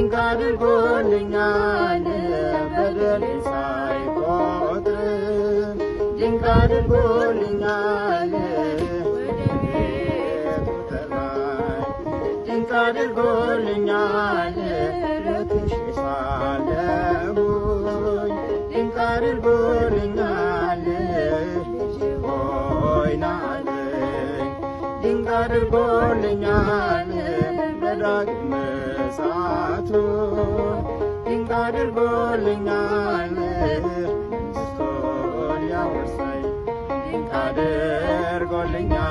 ድንቅ አድርጎልኛል በደል ሳይቆጥር ድንቅ አድርጎልኛል ድንቅ አድርጎልኛል ለትሽ ሳለሁኝ ድንቅ አድርጎልኛል ሆይና ድንቅ አድርጎልኛል በዳግመ በመሳቱ ድንቅ አድርጎልኛል። አድርጎልኛል።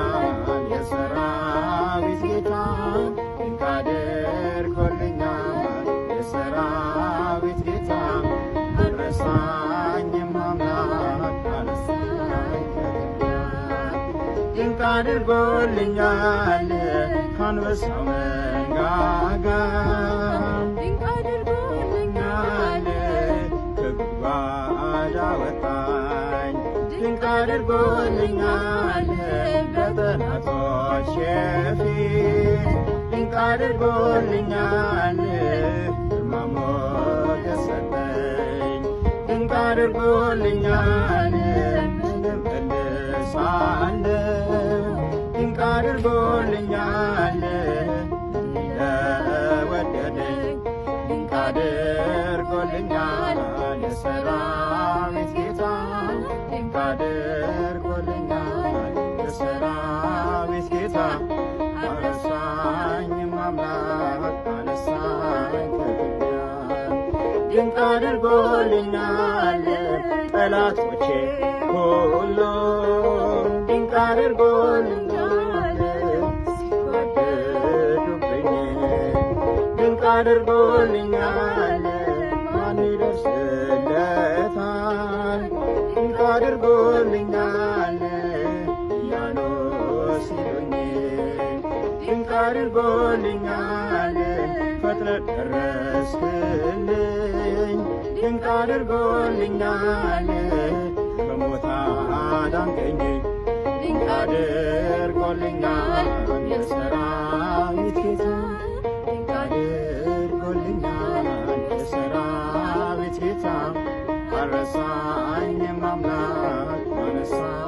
መንጋ ድንቅ አድርጎልኛል በጠላቶቼ ፊት ድንቅ አድርጎልኛል ግርማ ሞገስ ሰጠኝ ድንቅ አድርጎልኛል እመልሳለሁ ድንቅ አድርጎልኛል ለወደደኝ ድንቅ አድርጎልኛል የሰራ አድርጎልኛል የሰራዊት ጌታ አነሳኝ አምላክ አነሳኝ ድንቅ አድርጎልኛል ጠላቶቼ ሁሉ ድንቅ አድርጎልኛል ድንቅ አድርጎልኛል ማን አድርጎልኛል ሊያኖስ ድንቅ አድርጎልኛል ፈጥነ ደረስክልኝ ድንቅ አድርጎልኛል በሞታ አዳንከኝ ድንቅ አድርጎልኛል የሰራዊት ጌታ ድንቅ አድርጎልኛል የሰራዊት ጌታ song.